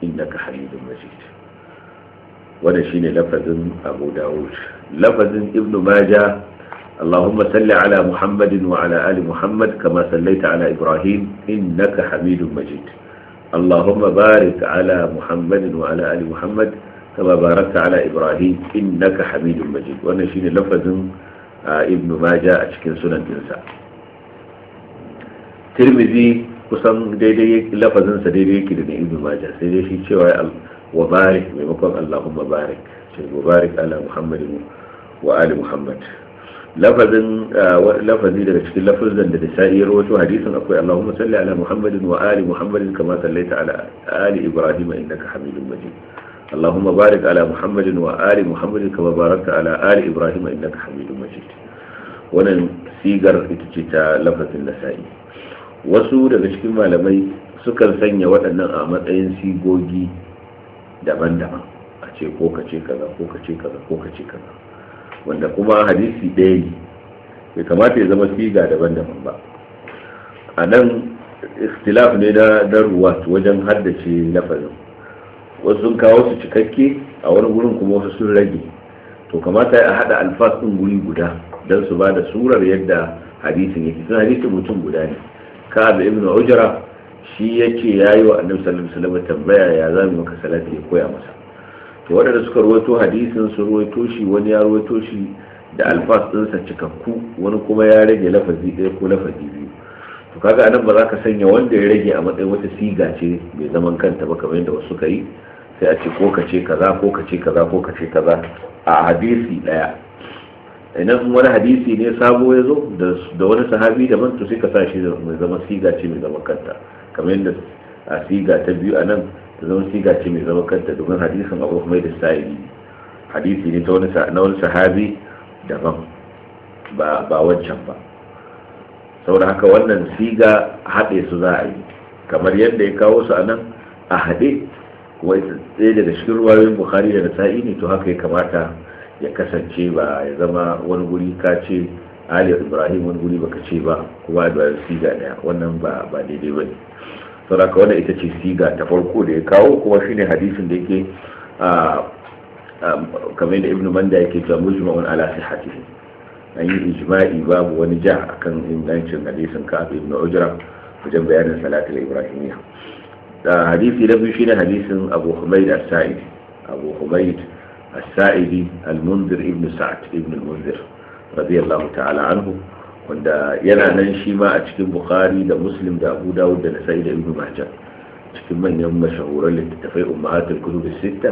innaka haridun majid shine lafazin abu dawud lafazin ibnu maja allahumma salli ala muhammadin kama sallaita ala ibrahim innaka hamidun majid allahumma ibrahim innaka hamidun wannan shine lafazin ah, ibnu maja a cikin sunan dinsa Tirmizi. kusan daidai lafazin sa daidai yake da ibn majah sai dai shi cewa wa barik maimakon allahumma barik ce mubarak ala muhammadin wa ali muhammad lafazin ah, lafazi daga cikin lafazin da nisa'i ya rawaito hadisin akwai allahumma salli ala muhammadin wa ali muhammadin kama sallaita ala ali ibrahim innaka hamidun majid اللهم ala على wa ali محمد كما باركت على آل إبراهيم إنك hamidun مجيد wannan sigar ita ce ta lafazin nasa'i wasu daga cikin malamai sukan sanya waɗannan a matsayin sigogi daban-daban a ce ko ka ce kaza ko ka ce kaza ko ka ce kaza wanda kuma hadisi ɗaya ne bai kamata ya zama siga daban-daban ba a nan istilaf ne na daruwa wajen haddace lafazin wasu sun kawo su cikakke a wani wurin kuma wasu sun rage to kamata a haɗa alfas ɗin guri guda don su ba da surar yadda hadisin yake sun hadisin mutum guda ne ka'ab ibn ujra shi yace yayi wa annabi sallallahu alaihi wasallam tambaya ya zamu maka salati ya koya masa to waɗanda suka ruwaito hadisin su ruwaito shi wani ya ruwaito shi da alfas ɗinsa cikakku wani kuma ya rage lafazi ɗaya ko lafazi biyu to kaga anan ba za ka sanya wanda ya rage a matsayin wata siga ce mai zaman kanta ba kamar yadda wasu suka yi sai a ce ko ka ce kaza ko ka ce kaza ko ka ce kaza a hadisi ɗaya kuma wani hadisi ne sabo ya zo da wani sahabi daban to sai ka sa shi da mai zama siga ce mai zama kanta kamar yadda a siga ta biyu a nan ta zama siga ce mai zama kanta domin hadisin abu kuma da sa'ili hadisi ne ta wani sahabi daban ba wancan ba saboda haka wannan siga haɗe su za a yi kamar yadda ya kawo su a nan a haɗe wai tsaye daga cikin ruwayoyin bukhari da nasa'i ne to haka ya kamata ya kasance ba ya zama wani guri ka ce ali ibrahim wani guri baka ce ba kuma da siga ne wannan ba ba daidai ba ne saboda wannan ita ce siga ta farko da ya kawo kuma shine hadisin da yake kamar da ibnu manda yake cewa mujma'un ala sihhatihi an yi ijma'i babu wani ja akan ingancin hadisin ka ibnu ujra wajen bayanin salatul ibrahimiyya da hadisi na biyu shine hadisin abu humaid as-sa'id abu humaid السائدي المنذر ابن سعد ابن المنذر radiyallahu ta'ala anhu wanda yana nan shi ma a cikin bukhari da muslim da abu dawud da nasa'i da ibnu majah cikin manyan mashahuran littattafai ummahatul kutub sitta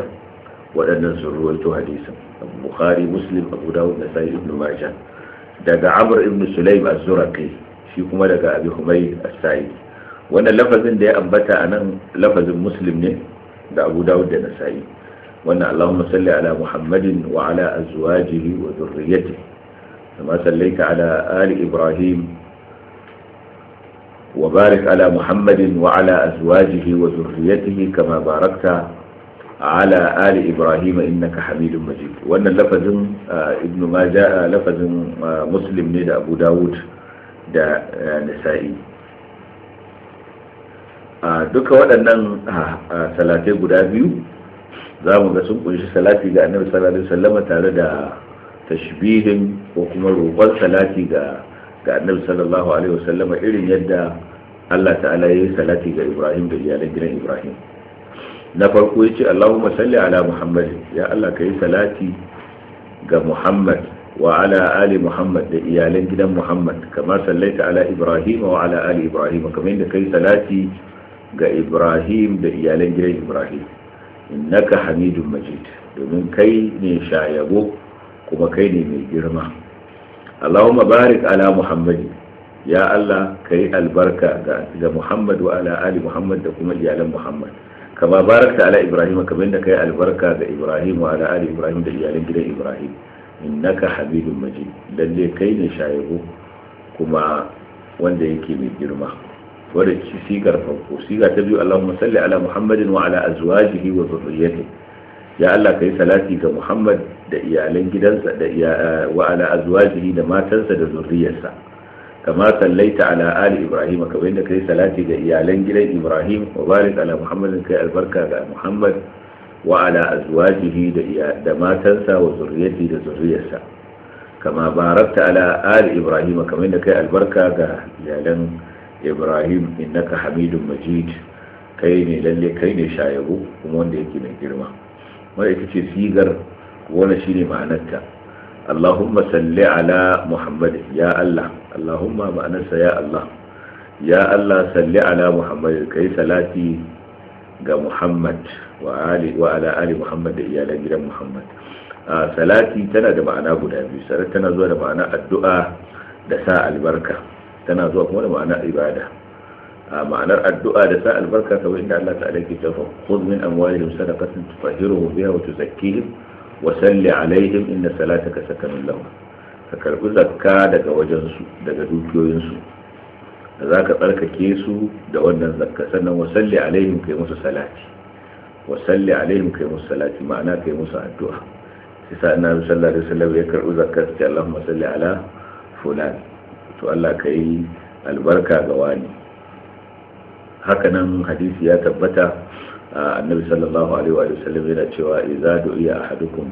waɗannan sun ruwaito hadisin bukhari muslim abu dawud nasa'i ibnu majah daga amr ibn sulaim az-zuraqi shi kuma daga abi humayd as-sa'idi wannan lafazin da ya ambata anan lafazin muslim ne da abu dawud da nasa'i wannan Allahumma salli ala Muhammadin wa ala azwajihi wa dhurriyyatihi kama sallaita ala ali Ibrahim wa barik ala Muhammadin wa ala azwajihi wa dhurriyyatihi kama barakta ala ali Ibrahim innaka Hamidum Majid wannan lafazin Ibn Majah lafazin Muslim ne da Abu Dawud da Nasa'i duka waɗannan salatai guda biyu za mu ga sun kunshi salati ga annabi sallallahu alaihi wasallam tare da tashbihin ko kuma roƙon salati ga ga annabi sallallahu alaihi wasallam irin yadda Allah ta'ala ya yi salati ga Ibrahim da iyalan gidan Ibrahim na farko ya ce Allahumma salli ala Muhammad ya Allah ka yi salati ga Muhammad wa ala ali Muhammad da iyalan gidan Muhammad kama sallaita ala Ibrahim wa ala ali Ibrahim kamar da kai salati ga Ibrahim da iyalan gidan Ibrahim innaka hamidun majid domin kai ne shayabo kuma kai ne mai girma allahumma barik ala muhammadi ya allah kai albarka ga muhammad wa ala ali muhammad da kuma iyalan muhammad kama barakta ala ibrahim kamar da kai albarka ga ibrahim wa ala ali ibrahim da iyalan gidan ibrahim innaka hamidun majid lalle kai ne shayabo kuma wanda yake mai girma wadda ci sigar farko siga ta biyu Allahumma salli ala Muhammadin wa ala azwajihi wa zurriyyati ya Allah kai salati ga Muhammad da iyalan gidansa da eh, wa ala azwajihi da matansa da zurriyarsa kama sallaita ala ali Ibrahim kamar yadda kai salati ga iyalan gidan Ibrahim wa barik ala Muhammadin kai albarka ga Muhammad wa ala azwajihi da matansa wa zurriyyati da zurriyarsa kama barakta ala ali Ibrahim kamar yadda kai albarka ga iyalan ibrahim innaka hamidun majid kai ne lalle kai ne shayabu kuma wanda yake mai girma wanda ita ce sigar wani shi ne ma'anarta allahumma salli ala muhammad ya allah allahumma ma'anarsa ya allah ya allah salli ala muhammad kai salati ga muhammad wa ala ali muhammad da iyalan gidan muhammad salati tana da ma'ana guda biyu sarar tana zuwa da ma'ana addu'a da sa albarka tana zuwa kuma da ma'anar ibada a ma'anar addu'a da sa albarka kamar inda Allah ta'ala ke cewa khudh min amwalihim sadaqatan tutahhiruhum biha wa tuzakkihim wa salli alaihim inna salataka sakanun lahum ka karbi zakka daga wajen su daga dukiyoyin su da zaka tsarkake su da wannan zakka sannan wa salli alaihim kai musu salati wa salli alaihim kai musu salati ma'ana kai musu addu'a sai sa annabi sallallahu alaihi wasallam ya karbi zakkar sai Allahumma salli ala fulan to Allah ka yi albarka ga wani hakanan hadisi ya tabbata a annabi sallallahu alaihi wa sallam yana cewa idza du'iya ahadukum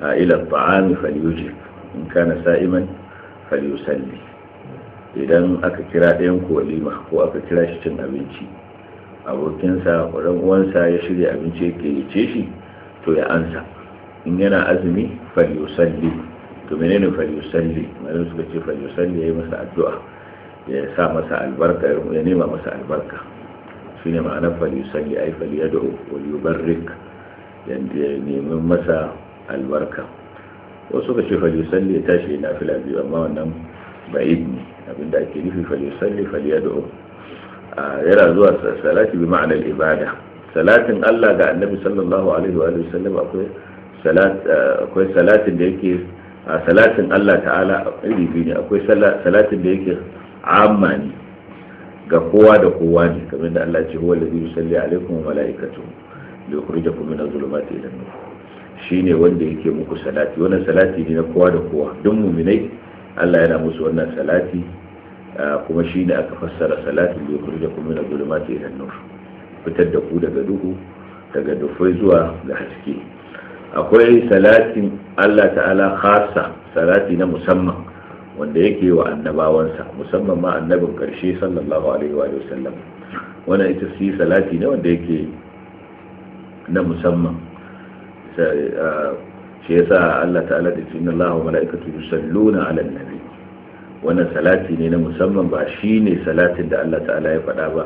ila at-ta'ami falyujib in kana sa'iman falyusalli idan aka kira ɗayan ku walima ko aka kira shi cin abinci abokinsa ɗan uwansa ya shirya abinci yake yace shi to ya ansa in yana azumi falyusalli to menene falyusalli malamai suka ce falyusalli yayi masa addu'a ya sa masa albarka ya nema masa albarka shine ma'anar falyusalli ay falyad'u wal yubarrik dan ya nemi masa albarka wasu suka ce falyusalli ya tashi na fila biyu amma wannan ba'id ne abinda ake nufi falyusalli falyad'u yana zuwa salati bi ma'anar ibada salatin Allah ga annabi sallallahu alaihi wa sallam akwai salatin da yake A salatin Allah ta'ala iri biyu ne akwai salatin da yake amma ne ga kowa da kowa ne kamar da Allah ce huwa allazi salli alaikum wa malaikatu li yukhrijakum min adh ila nur shine wanda yake muku salati wannan salati ne na kowa da kowa duk mu'minai Allah yana musu wannan salati kuma shine aka fassara salatin li yukhrijakum min adh ila nur fitar da ku daga duhu daga dufai zuwa ga haske akwai salatin Allah ta'ala khasa salati na musamman wanda yake wa annabawansa musamman ma annabin karshe sallallahu alaihi wa sallam wannan ita su salati ne wanda yake na musamman shi yasa Allah ta'ala da inna Allah wa mala'ikatu yusalluna ala nabi wannan salati ne na musamman ba shine salatin da Allah ta'ala ya faɗa ba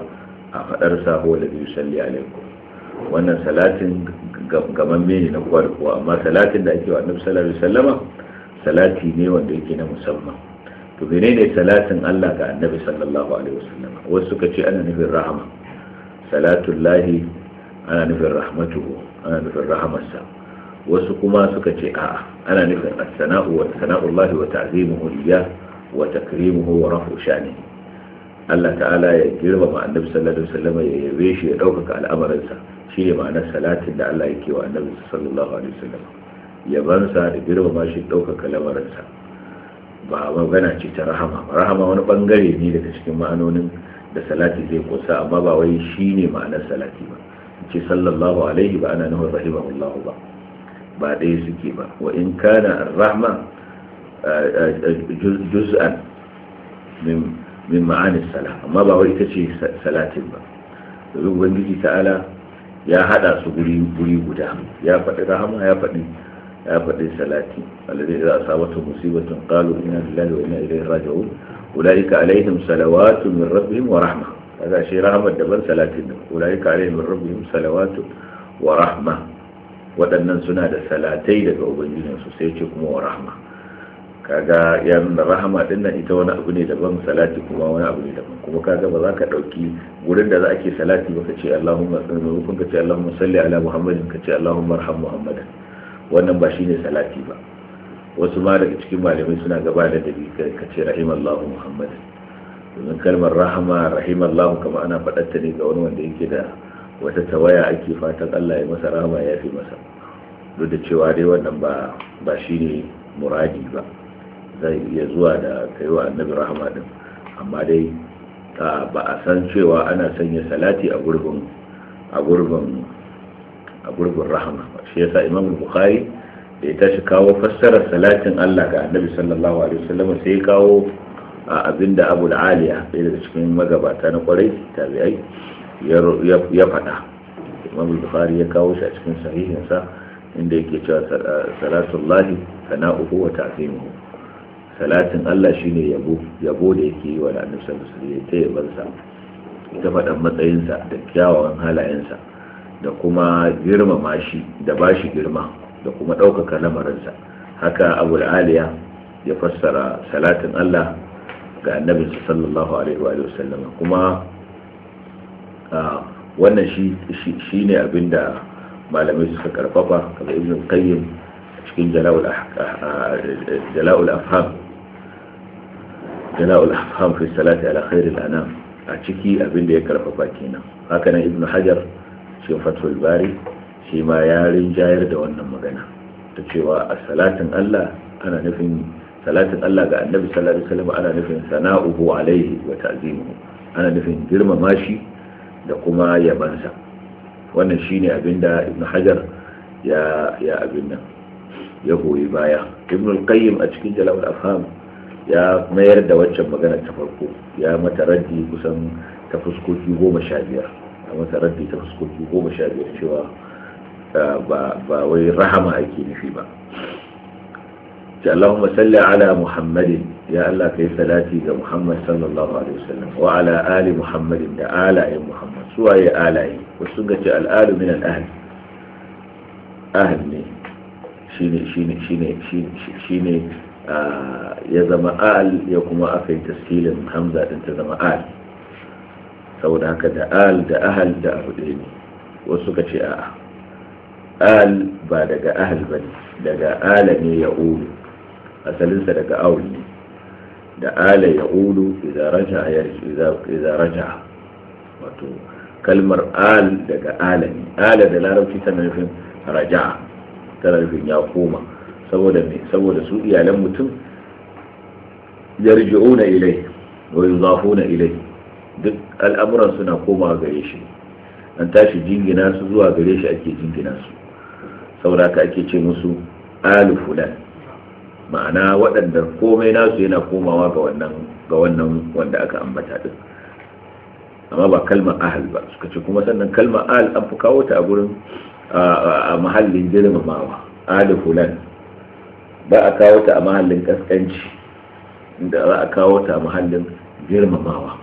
a faɗar sa huwa alladhi yusalli alaikum wannan salatin gaban mene na kowa da kowa amma salatin da ake wa annabi sallallahu alaihi wasallama salati ne wanda yake na musamman to ne salatin Allah ga annabi sallallahu alaihi wasallama wasu suka ce ana nufin rahama salatul lahi ana nufin rahmatuhu ana nufin rahamarsa wasu kuma suka ce a'a ana nufin as-sana'u wa sana'ullahi wa ta'zimuhu liyah wa takrimuhu wa rafu shani Allah ta'ala ya girmama annabi sallallahu alaihi wasallama ya yabe shi ya ɗaukaka al'amarinsa shi ne ma'anar salatin da Allah yake wa annabi sallallahu alaihi wasallam yabansa da girma shi ɗaukaka lamarinsa ba magana ce ta rahama rahama wani bangare ne daga cikin ma'anonin da salati zai kusa amma ba wai shi ne ma'anar salati ba ce sallallahu alaihi ba ana nufin rahimahullahu ba ba ɗaya suke ba wa in kana rahma eh, eh, juz'an min ma'anin salam amma ba wai ita ce salatin ba domin ubangiji ta'ala ya hada su guri guda ya faɗi rahama ya faɗi ya faɗi salati alladhi idza asabatu musibatun qalu inna lillahi wa inna ilaihi raji'un ulaika alaihim salawatu min rabbihim wa rahma kaga shi da ban salatin da ulaika alaihim min rabbihim salawatu wa rahma waɗannan suna da salatai daga ubangijinsu sai ce kuma wa rahma kaga nuna rahama din nan ita wani abu ne daban salati kuma wani abu ne daban kuma kaga ba za ka dauki wurin da za a ke salati ba ka ce Allahumma salli kun ka ce Allahumma salli ala Muhammadin ka ce Allahumma arham Muhammadan wannan ba shine salati ba wasu ma daga cikin malamai suna gaba da dabi ka ce Allahu Muhammadan domin kalmar rahama Allahu kama ana faɗar ta ne ga wani wanda yake da wata tawaya ake fatan Allah ya masa rahama ya fi masa duk da cewa dai wannan ba ba shine muradi ba zai iya zuwa da kaiwa annabi rahama din amma dai ba a san cewa ana sanya salati a gurbin a gurbin a gurbin rahama shi yasa imam bukhari da ya tashi kawo fassarar salatin Allah ga annabi sallallahu alaihi wasallam sai ya kawo a abinda abu aliya ɗaya daga cikin magabata na kwarai tabi'ai ya faɗa imam bukhari ya kawo shi a cikin sahihinsa inda yake cewa salatullahi sana'uhu wa ta'zimuhu salatin Allah shine yabo yabo da yake yi wa annabi musulmi alaihi ta yabansa ta faɗan matsayinsa da kyawawan halayensa da kuma girmama shi da bashi girma da kuma ɗaukaka lamarinsa haka abu aliya ya fassara salatin Allah ga annabinsa sallallahu alaihi wa sallama kuma wannan shi ne abin da malamai suka karfafa kamar ibn qayyim cikin jala'ul afham jana'ul afham fi salati ala khairil anam a ciki abin da ya karfafa kenan haka nan ibnu hajar cikin fatul bari shi ma ya rinjayar da wannan magana ta cewa a salatin Allah ana nufin salatin Allah ga annabi sallallahu alaihi wasallam ana nufin sana'uhu alaihi wa ta'zimuhu ana nufin girmama shi da kuma yabansa wannan shine abin da ibnu hajar ya ya abin nan ya goyi baya ibnu al-qayyim a cikin jalal al-afham ya mayar da waccan magana ta farko ya mata raddi kusan ta fuskoki goma sha biyar a mata raddi ta fuskoki goma sha biyar cewa ah, ba wai rahama ake nufi ba ce Allahumma salli ala Muhammadin ya Allah ka yi salati ga Muhammad sallallahu alaihi wasallam wa ala ali Muhammadin da alayen Muhammad suwaye alaye wasu ga ce al'adu min al'ahli ahli ne shine shine shine shine ya zama al ya kuma aka yi taskilin hamza din ta zama al saboda haka da al da ahal da abu ɗaya ne wasu suka ce a'a al ba daga ahal ba ne daga ala ne ya ulu asalinsa daga aul ne da ala ya ulu iza raja ya raja wato kalmar al daga ala ne ala da larabci tana nufin raja tana nufin ya koma saboda me saboda su iyalan mutum na ilai zafo na ilai duk al'amuran suna koma gare shi an tashi jingina su zuwa gare shi ake jingina su saboda haka ake ce musu alu fulan ma'ana waɗanda komai nasu yana komawa ga wannan ga wannan wanda aka ambata din amma ba kalmar ahal ba suka ce kuma sannan kalmar ahal an fi kawo ta a gurin a mahallin girmamawa alu fulan ba a kawo ta a mahallin kaskanci inda za a kawo ta a mahallin girmamawa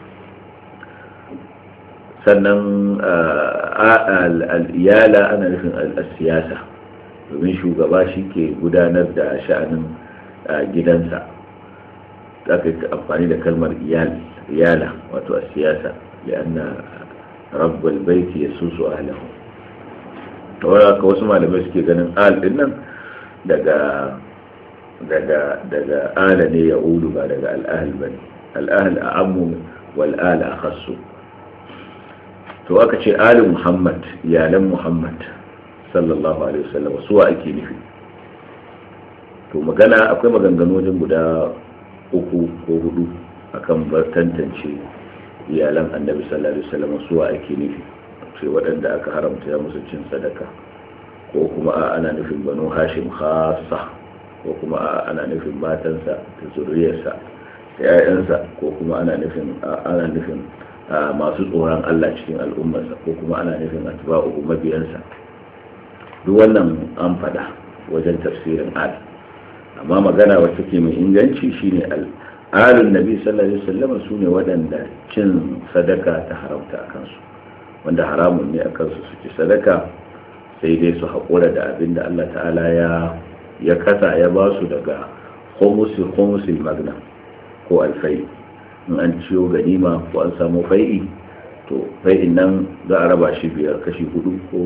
sannan ah, al'iyala ana nufin al'asiyasa domin shugaba shi ke gudanar da sha'anin ah, gidansa za ka amfani da kalmar iyala wato a siyasa li'anna rabbal baiti ya susu ahlahu ta wadda wasu malamai suke ganin al nan daga daga daga ala ne ya ulu ba daga al'ahal ba ne al'ahal a ammu wal'ala a khassu to aka ce alin muhammad iyalan muhammad sallallahu alaihi wasallam suwa ake nufi to magana akwai maganganu wajen guda uku ko hudu akan tantance iyalan annabi sallallahu alaihi wasallam suwa ake nufi ce waɗanda aka haramta musu cin sadaka ko kuma ana nufin banu hashim khassa ko kuma ana nufin matansa da zuriyarsa da 'ya'yansa ko kuma ana nufin ana nufin masu tsoron Allah cikin al'ummarsa ko kuma ana nufin atba'u mabiyansa duk wannan an faɗa wajen tafsirin al amma magana wacce ke mai inganci shine al alun nabi sallallahu alaihi wasallam su waɗanda cin sadaka ta haramta a kansu wanda haramun ne a kansu su ci sadaka sai dai su haƙura da abin da Allah ta'ala ya ya kasa ya ba su daga khumusi khumusi magna ko alfai in an ciyo ganima ko an samu fai'i to fai'in nan za a raba shi biyar kashi hudu ko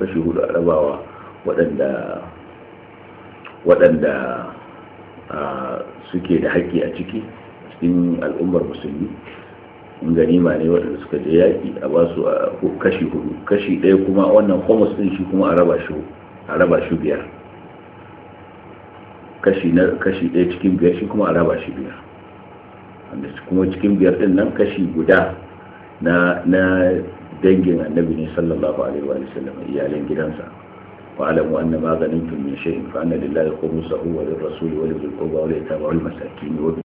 kashi hudu a rabawa waɗanda waɗanda suke da haƙƙi a ciki cikin al'ummar musulmi in ganima ne waɗanda suka je yaƙi a ba su kashi hudu kashi ɗaya kuma wannan homus ɗin shi kuma a raba shi biyar kashi na kashi ɗaya cikin biyar shi kuma a raba shi biyar wanda kuma cikin biyar ɗin nan kashi guda na na dangin annabi ne sallallahu alaihi wa sallam iyalan gidansa wa alamu anna maganin tun min shay'in fa anna lillahi khumsahu wa lirrasuli wa lidhil qurba wa lil yatama wal masakin wa